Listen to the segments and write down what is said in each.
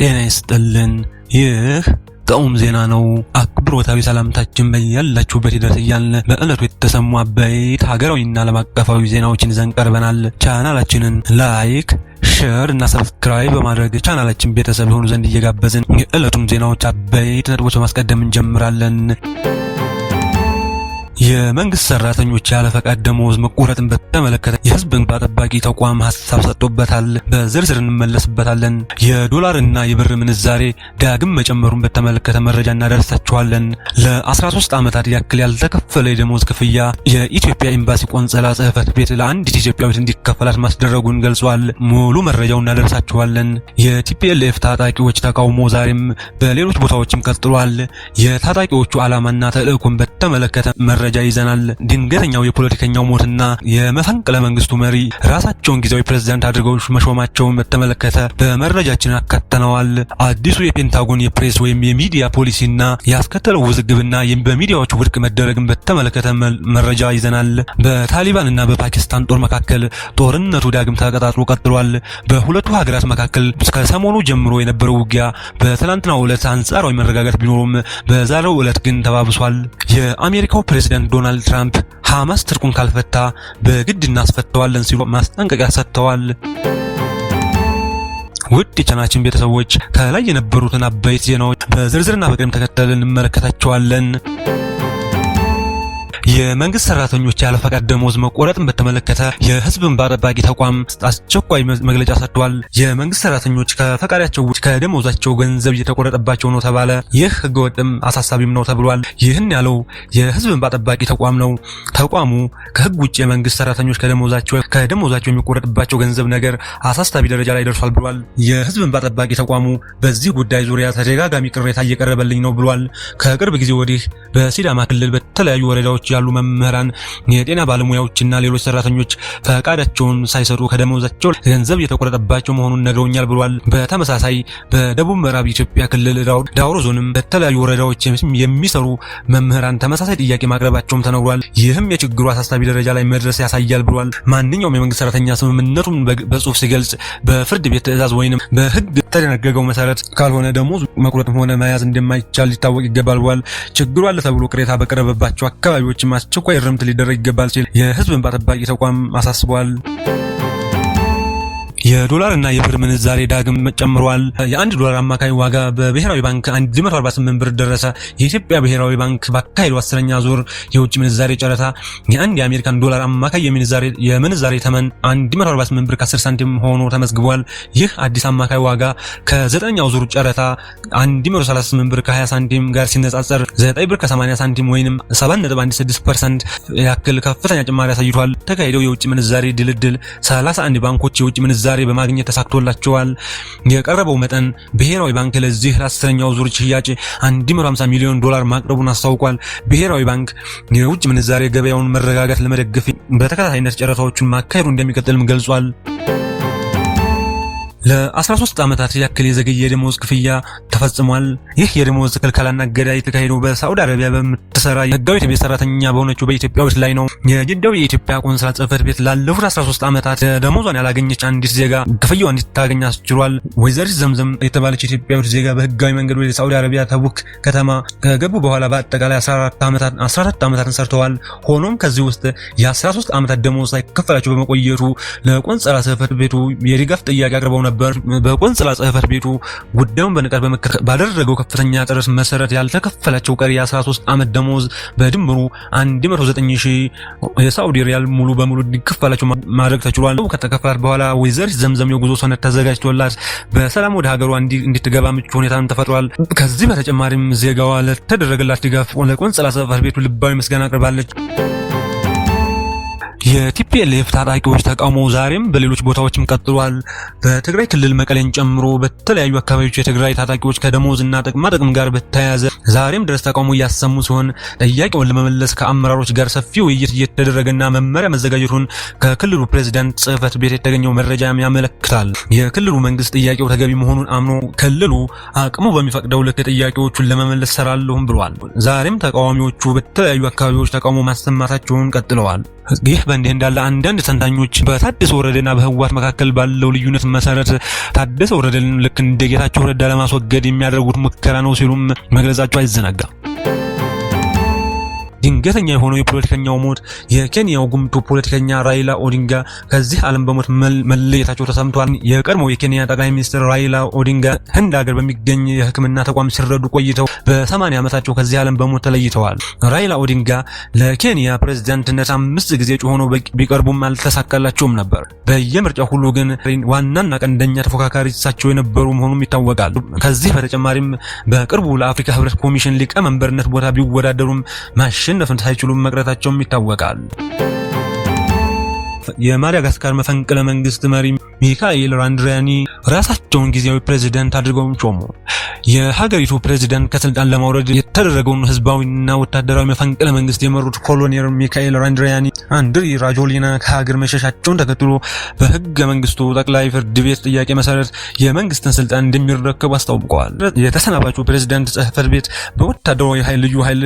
ጤና ይስጥልን። ይህ ጥዑም ዜና ነው። አክብሮታዊ ሰላምታችን በያላችሁበት ይድረስ እያልን በእለቱ የተሰሙ አበይት ሀገራዊና ዓለም አቀፋዊ ዜናዎችን ይዘን ቀርበናል። ቻናላችንን ላይክ፣ ሼር እና ሰብስክራይብ በማድረግ ቻናላችን ቤተሰብ የሆኑ ዘንድ እየጋበዝን የዕለቱም ዜናዎች አበይት ነጥቦች በማስቀደም እንጀምራለን። የመንግስት ሰራተኞች ያለፈቃድ ደሞዝ መቆረጥን በተመለከተ የህዝብ እንባ ጠባቂ ተቋም ሀሳብ ሰጥቶበታል። በዝርዝር እንመለስበታለን። የዶላርና የብር ምንዛሬ ዳግም መጨመሩን በተመለከተ መረጃ እናደርሳችኋለን። ለ13 ዓመታት ያክል ያልተከፈለ የደሞዝ ክፍያ የኢትዮጵያ ኤምባሲ ቆንጸላ ጽህፈት ቤት ለአንዲት ኢትዮጵያዊት እንዲከፈላት ማስደረጉን ገልጿል። ሙሉ መረጃው እናደርሳችኋለን። የቲፒኤልኤፍ ታጣቂዎች ተቃውሞ ዛሬም በሌሎች ቦታዎችም ቀጥሏል። የታጣቂዎቹ ዓላማና ተልእኮን በተመለከተ መረ መረጃ ይዘናል። ድንገተኛው የፖለቲከኛው ሞትና የመፈንቅለ መንግስቱ መሪ ራሳቸውን ጊዜያዊ ፕሬዝዳንት አድርገው መሾማቸውን በተመለከተ በመረጃችን አካተነዋል። አዲሱ የፔንታጎን የፕሬስ ወይም የሚዲያ ፖሊሲና ያስከተለው ውዝግብና በሚዲያዎች ውድቅ መደረግን በተመለከተ መረጃ ይዘናል። በታሊባን እና በፓኪስታን ጦር መካከል ጦርነቱ ዳግም ተቀጣጥሎ ቀጥሏል። በሁለቱ ሀገራት መካከል ከሰሞኑ ጀምሮ የነበረው ውጊያ በትላንትናው ዕለት አንጻራዊ መረጋጋት ቢኖሩም በዛሬው ዕለት ግን ተባብሷል። የአሜሪካው ፕሬዝዳንት ፕሬዝደንት ዶናልድ ትራምፕ ሐማስ ትርቁን ካልፈታ በግድ እናስፈተዋለን ሲሉ ማስጠንቀቂያ ሰጥተዋል። ውድ የቻናችን ቤተሰቦች ከላይ የነበሩትን አበይት ዜናዎች በዝርዝርና በቅደም ተከተል እንመለከታቸዋለን። የመንግስት ሰራተኞች ያለፈቃድ ደሞዝ መቆረጥን በተመለከተ የህዝብ እንባ ጠባቂ ተቋም አስቸኳይ መግለጫ ሰጥቷል። የመንግስት ሰራተኞች ከፈቃዳቸው ውጭ ከደሞዛቸው ገንዘብ እየተቆረጠባቸው ነው ተባለ። ይህ ህገወጥም አሳሳቢም ነው ተብሏል። ይህን ያለው የህዝብ እንባ ጠባቂ ተቋም ነው። ተቋሙ ከህግ ውጭ የመንግስት ሰራተኞች ከደሞዛቸው ከደሞዛቸው የሚቆረጥባቸው ገንዘብ ነገር አሳሳቢ ደረጃ ላይ ደርሷል ብሏል። የህዝብ እንባ ጠባቂ ተቋሙ በዚህ ጉዳይ ዙሪያ ተደጋጋሚ ቅሬታ እየቀረበልኝ ነው ብሏል። ከቅርብ ጊዜ ወዲህ በሲዳማ ክልል በተለያዩ ወረዳዎች ያሉ መምህራን፣ የጤና ባለሙያዎችና ሌሎች ሰራተኞች ፈቃዳቸውን ሳይሰሩ ከደመወዛቸው ገንዘብ የተቆረጠባቸው መሆኑን ነግረውኛል ብሏል። በተመሳሳይ በደቡብ ምዕራብ ኢትዮጵያ ክልል ዳውሮ ዞንም በተለያዩ ወረዳዎች የሚሰሩ መምህራን ተመሳሳይ ጥያቄ ማቅረባቸውም ተነግሯል። ይህም የችግሩ አሳሳቢ ደረጃ ላይ መድረስ ያሳያል ብሏል። ማንኛውም የመንግስት ሰራተኛ ስምምነቱን በጽሁፍ ሲገልጽ በፍርድ ቤት ትዕዛዝ ወይንም በህግ ተደነገገው መሰረት ካልሆነ ደሞዝ መቁረጥም ሆነ መያዝ እንደማይቻል ሊታወቅ ይገባል ብሏል። ችግሩ አለ ተብሎ ቅሬታ በቀረበባቸው አካባቢዎች አስከባሪዎችም አስቸኳይ እርምት ሊደረግ ይገባል ሲል የህዝብ እንባ ጠባቂ ተቋም አሳስቧል። የዶላር እና የብር ምንዛሬ ዳግም ጨምሯል። የአንድ ዶላር አማካኝ ዋጋ በብሔራዊ ባንክ 148 ብር ደረሰ። የኢትዮጵያ ብሔራዊ ባንክ ባካሄደው አስረኛ ዙር የውጭ ምንዛሬ ጨረታ የአንድ የአሜሪካን ዶላር አማካይ የምንዛሬ ተመን 148 ብር ከ10 ሳንቲም ሆኖ ተመዝግቧል። ይህ አዲስ አማካይ ዋጋ ከዘጠነኛው ዙር ጨረታ 138 ብር ከ20 ሳንቲም ጋር ሲነጻጸር 9 ብር ከ80 ሳንቲም ወይም 7.16% ያክል ከፍተኛ ጭማሪ አሳይቷል። ተካሄደው የውጭ ምንዛሬ ድልድል 31 ባንኮች የውጭ ምንዛሬ ምንዛሬ በማግኘት ተሳክቶላቸዋል። የቀረበው መጠን ብሔራዊ ባንክ ለዚህ ለአስረኛው ዙር ሽያጭ 150 ሚሊዮን ዶላር ማቅረቡን አስታውቋል። ብሔራዊ ባንክ የውጭ ምንዛሬ ገበያውን መረጋጋት ለመደገፍ በተከታታይነት ጨረታዎቹን ማካሄዱ እንደሚቀጥልም ገልጿል። ለ13 ዓመታት ያክል የዘገየ የደሞዝ ክፍያ ተፈጽሟል። ይህ የደሞዝ ክልከላና እገዳ የተካሄደው በሳዑዲ አረቢያ በምትሰራ የህጋዊ ቤት ሰራተኛ በሆነችው በኢትዮጵያዊት ላይ ነው። የጅዳው የኢትዮጵያ ቆንስላ ጽህፈት ቤት ላለፉት 13 ዓመታት ደሞዟን ያላገኘች አንዲት ዜጋ ክፍያዋ እንድታገኝ አስችሏል። ወይዘሪት ዘምዘም የተባለች ኢትዮጵያዊት ዜጋ በህጋዊ መንገድ ወደ ሳዑዲ አረቢያ ተቡክ ከተማ ከገቡ በኋላ በአጠቃላይ 14 ዓመታት 14 ዓመታትን ሰርተዋል። ሆኖም ከዚህ ውስጥ የ13 ዓመታት ደሞዝ ሳይከፈላቸው በመቆየቱ ለቆንስላ ጽህፈት ቤቱ የድጋፍ ጥያቄ አቅርበው ነበር። ነበር። በቆንጽላ ቤቱ ጉዳዩን በንቃት በመከታተል ባደረገው ከፍተኛ ጥረት መሰረት ያልተከፈላቸው ቀሪ 13 ዓመት ደሞዝ በድምሩ 109000 የሳውዲ ሪያል ሙሉ በሙሉ እንዲከፈላቸው ማድረግ ተችሏል። ከተከፈላት በኋላ ወይዘር ዘምዘም የጉዞ ሰነድ ተዘጋጅቶላት በሰላም ወደ ሀገሯ እንድትገባ ምቹ ሁኔታን ተፈጥሯል። ከዚህ በተጨማሪም ዜጋዋ ለተደረገላት ድጋፍ ለቆንጽላ ጽሕፈት ቤቱ ልባዊ ምስጋና አቅርባለች። የቲፒኤልኤፍ ታጣቂዎች ተቃውሞ ዛሬም በሌሎች ቦታዎችም ቀጥሏል። በትግራይ ክልል መቀሌን ጨምሮ በተለያዩ አካባቢዎች የትግራይ ታጣቂዎች ከደሞዝ እና ጥቅማ ጥቅም ጋር በተያያዘ ዛሬም ድረስ ተቃውሞ እያሰሙ ሲሆን ጥያቄውን ለመመለስ ከአመራሮች ጋር ሰፊ ውይይት እየተደረገና መመሪያ መዘጋጀቱን ከክልሉ ፕሬዚዳንት ጽህፈት ቤት የተገኘው መረጃ ያመለክታል። የክልሉ መንግስት ጥያቄው ተገቢ መሆኑን አምኖ ክልሉ አቅሙ በሚፈቅደው ልክ ጥያቄዎቹን ለመመለስ ሰራለሁም ብሏል። ዛሬም ተቃዋሚዎቹ በተለያዩ አካባቢዎች ተቃውሞ ማሰማታቸውን ቀጥለዋል። ይህ በእንዲህ እንዳለ አንዳንድ ተንታኞች በታደሰ ወረደና በህወሓት መካከል ባለው ልዩነት መሰረት ታደሰ ወረደን ልክ እንደ ጌታቸው ረዳ ለማስወገድ የሚያደርጉት ሙከራ ነው ሲሉም መግለጻቸው አይዘነጋም። ድንገተኛ የሆነው የፖለቲከኛው ሞት የኬንያው ጉምቱ ፖለቲከኛ ራይላ ኦዲንጋ ከዚህ ዓለም በሞት መለየታቸው ተሰምቷል። የቀድሞው የኬንያ ጠቅላይ ሚኒስትር ራይላ ኦዲንጋ ህንድ ሀገር በሚገኝ የሕክምና ተቋም ሲረዱ ቆይተው በሰማንያ ዓመታቸው ከዚህ ዓለም በሞት ተለይተዋል። ራይላ ኦዲንጋ ለኬንያ ፕሬዝዳንትነት አምስት ጊዜ እጩ ሆነው ቢቀርቡም አልተሳካላቸውም ነበር። በየምርጫው ሁሉ ግን ዋናና ቀንደኛ ተፎካካሪ እሳቸው የነበሩ መሆኑም ይታወቃል። ከዚህ በተጨማሪም በቅርቡ ለአፍሪካ ህብረት ኮሚሽን ሊቀመንበርነት ቦታ ቢወዳደሩም ማሽን ማሸነፍን ሳይችሉም መቅረታቸውም ይታወቃል። የማዳጋስካር መፈንቅለ መንግስት መሪ ሚካኤል ራንድሪያኒ ራሳቸውን ጊዜያዊ ፕሬዚደንት አድርገውም ሾሙ። የሀገሪቱ ፕሬዚደንት ከስልጣን ለማውረድ የተደረገውን ህዝባዊና ወታደራዊ መፈንቅለ መንግስት የመሩት ኮሎኔል ሚካኤል ራንድሪያኒ አንድሪ ራጆሊና ከሀገር መሸሻቸውን ተከትሎ በህገ መንግስቱ ጠቅላይ ፍርድ ቤት ጥያቄ መሰረት የመንግስትን ስልጣን እንደሚረከቡ አስታውቀዋል። የተሰናባቹ ፕሬዚደንት ጽህፈት ቤት በወታደራዊ ኃይል ልዩ ኃይል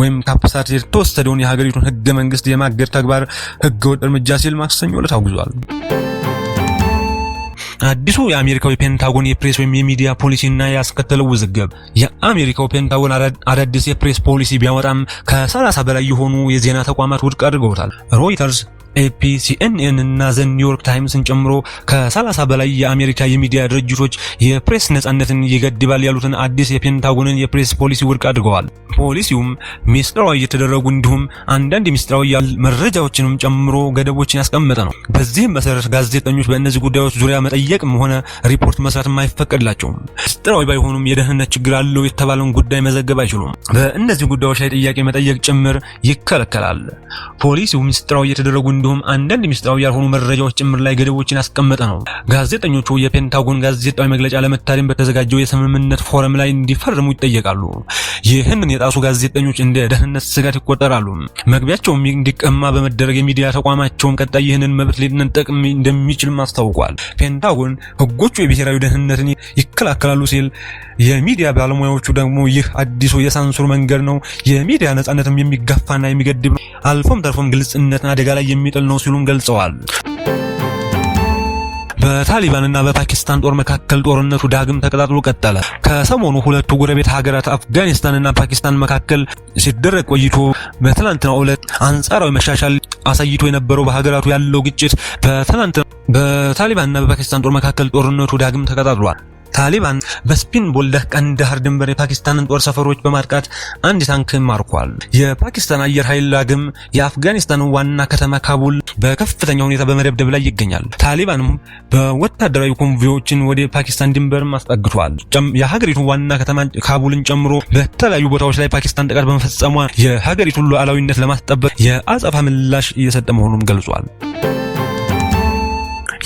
ወይም ካፕሳት የተወሰደውን የሀገሪቱን ህገ መንግስት የማገድ ተግባር ህገወጥ እርምጃ ሲል ማክሰኞ ዕለት አውግዟል። አዲሱ የአሜሪካው ፔንታጎን የፕሬስ ወይም የሚዲያ ፖሊሲና ያስከተለው ውዝግብ። የአሜሪካው ፔንታጎን አዳዲስ የፕሬስ ፖሊሲ ቢያወጣም ከ30 በላይ የሆኑ የዜና ተቋማት ውድቅ አድርገውታል። ሮይተርስ፣ ኤፒ፣ ሲኤንኤን እና ዘ ኒውዮርክ ታይምስን ጨምሮ ከ30 በላይ የአሜሪካ የሚዲያ ድርጅቶች የፕሬስ ነጻነትን ይገድባል ያሉትን አዲስ የፔንታጎንን የፕሬስ ፖሊሲ ውድቅ አድርገዋል። ፖሊሲውም ሚስጥራዊ የተደረጉ እንዲሁም አንዳንድ ሚስጥራዊ ያል መረጃዎችንም ጨምሮ ገደቦችን ያስቀመጠ ነው። በዚህም መሰረት ጋዜጠኞች በእነዚህ ጉዳዮች ዙሪያ መጠየቅም ሆነ ሪፖርት መስራትም አይፈቀድላቸውም። ሚስጥራዊ ባይሆኑም የደህንነት ችግር አለው የተባለውን ጉዳይ መዘገብ አይችሉም። በእነዚህ ጉዳዮች ላይ ጥያቄ መጠየቅ ጭምር ይከለከላል። ፖሊሲው ሚስጥራዊ እየተደረጉ እንዲሁም አንዳንድ ሚስጥራዊ ያልሆኑ መረጃዎች ጭምር ላይ ገደቦችን ያስቀመጠ ነው። ጋዜጠኞቹ የፔንታጎን ጋዜጣዊ መግለጫ ለመታደም በተዘጋጀው የስምምነት ፎረም ላይ እንዲፈርሙ ይጠየቃሉ። ይህንን የጣሱ ጋዜጠኞች እንደ ደህንነት ስጋት ይቆጠራሉ። መግቢያቸውም እንዲቀማ በመደረግ የሚዲያ ተቋማቸውም ቀጣይ ይህንን መብት ሊነጠቅም እንደሚችልም አስታውቋል። ፔንታጎን ህጎቹ የብሔራዊ ደህንነትን ይከላከላሉ ሲል የሚዲያ ባለሙያዎቹ ደግሞ ይህ አዲሱ የሳንሱር መንገድ ነው፣ የሚዲያ ነጻነትም የሚጋፋና የሚገድብ ነው፣ አልፎም ተርፎም ግልጽነትን አደጋ ላይ የሚ የሚጥል ነው ሲሉም ገልጸዋል። በታሊባንና በፓኪስታን ጦር መካከል ጦርነቱ ዳግም ተቀጣጥሎ ቀጠለ። ከሰሞኑ ሁለቱ ጎረቤት ሀገራት አፍጋኒስታንና ፓኪስታን መካከል ሲደረግ ቆይቶ በትናንትናው ዕለት አንጻራዊ መሻሻል አሳይቶ የነበረው በሀገራቱ ያለው ግጭት በትናንትና በታሊባንና በፓኪስታን ጦር መካከል ጦርነቱ ዳግም ተቀጣጥሏል። ታሊባን በስፒን ቦልደህ ቀንዳህር ድንበር የፓኪስታንን ጦር ሰፈሮች በማጥቃት አንድ ታንክ ማርኳል። የፓኪስታን አየር ኃይል ላግም የአፍጋኒስታንን ዋና ከተማ ካቡል በከፍተኛ ሁኔታ በመደብደብ ላይ ይገኛል። ታሊባንም በወታደራዊ ኮንቮዮችን ወደ ፓኪስታን ድንበር አስጠግቷል። የሀገሪቱ ዋና ከተማ ካቡልን ጨምሮ በተለያዩ ቦታዎች ላይ ፓኪስታን ጥቃት በመፈጸሟ የሀገሪቱን ሉዓላዊነት ለማስጠበቅ የአጸፋ ምላሽ እየሰጠ መሆኑም ገልጿል።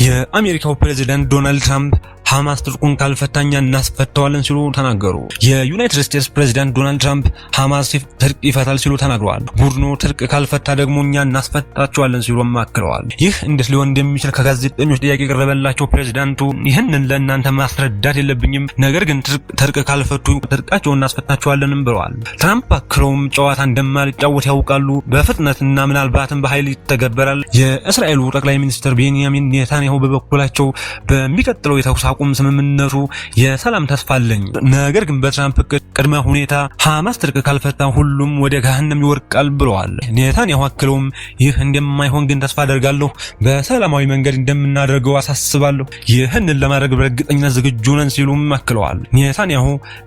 የአሜሪካው ፕሬዚዳንት ዶናልድ ትራምፕ ሐማስ ትጥቁን ካልፈታኛ እናስፈተዋለን ሲሉ ተናገሩ። የዩናይትድ ስቴትስ ፕሬዚዳንት ዶናልድ ትራምፕ ሐማስ ትጥቅ ይፈታል ሲሉ ተናግረዋል። ቡድኑ ትጥቅ ካልፈታ ደግሞ እኛ እናስፈታቸዋለን ሲሉ አክለዋል። ይህ እንዴት ሊሆን እንደሚችል ከጋዜጠኞች ጥያቄ የቀረበላቸው ፕሬዚዳንቱ ይህንን ለእናንተ ማስረዳት የለብኝም፣ ነገር ግን ትጥቅ ካልፈቱ ትርቃቸው እናስፈታቸዋለንም ብለዋል። ትራምፕ አክለውም ጨዋታ እንደማልጫወት ያውቃሉ፣ በፍጥነት እና ምናልባትም በኃይል ይተገበራል። የእስራኤሉ ጠቅላይ ሚኒስትር ቤንያሚን ኔታንያሁ በበኩላቸው በሚቀጥለው የተኩስ የማቆም ስምምነቱ የሰላም ተስፋ አለኝ። ነገር ግን በትራምፕ እቅድ ቅድመ ሁኔታ ሐማስ ትርቅ ካልፈታ ሁሉም ወደ ገሃነም ይወርቃል ብለዋል። ኔታንያሁ አክለውም ይህ እንደማይሆን ግን ተስፋ አደርጋለሁ፣ በሰላማዊ መንገድ እንደምናደርገው አሳስባለሁ። ይህንን ለማድረግ በእርግጠኝነት ዝግጁ ነን ሲሉም አክለዋል። ኔታንያሁ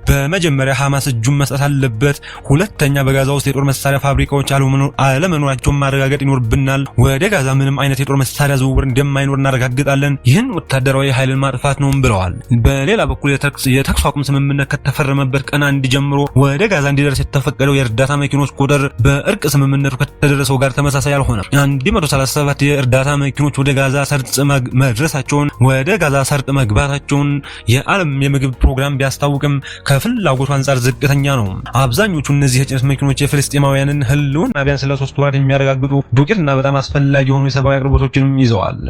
በመጀመሪያ ሐማስ እጁን መስጠት አለበት፣ ሁለተኛ በጋዛ ውስጥ የጦር መሳሪያ ፋብሪካዎች አለመኖራቸውን ማረጋገጥ ይኖርብናል። ወደ ጋዛ ምንም አይነት የጦር መሳሪያ ዝውውር እንደማይኖር እናረጋግጣለን። ይህን ወታደራዊ ኃይልን ማጥፋት ነውም ብለዋል። በሌላ በኩል የተኩስ አቁም ስምምነት ከተፈረመበት ቀን ዘንድ ጀምሮ ወደ ጋዛ እንዲደርስ የተፈቀደው የእርዳታ መኪኖች ቁጥር በእርቅ ስምምነቱ ከተደረሰው ጋር ተመሳሳይ አልሆነም። 137 የእርዳታ መኪኖች ወደ ጋዛ ሰርጥ መድረሳቸውን ወደ ጋዛ ሰርጥ መግባታቸውን የዓለም የምግብ ፕሮግራም ቢያስታውቅም ከፍላጎቱ አንጻር ዝቅተኛ ነው። አብዛኞቹ እነዚህ የጭነት መኪኖች የፍልስጤማውያንን ህልውና ቢያንስ ለሶስት ወራት የሚያረጋግጡ ዱቄትና በጣም አስፈላጊ የሆኑ የሰብአዊ አቅርቦቶችንም ይዘዋል።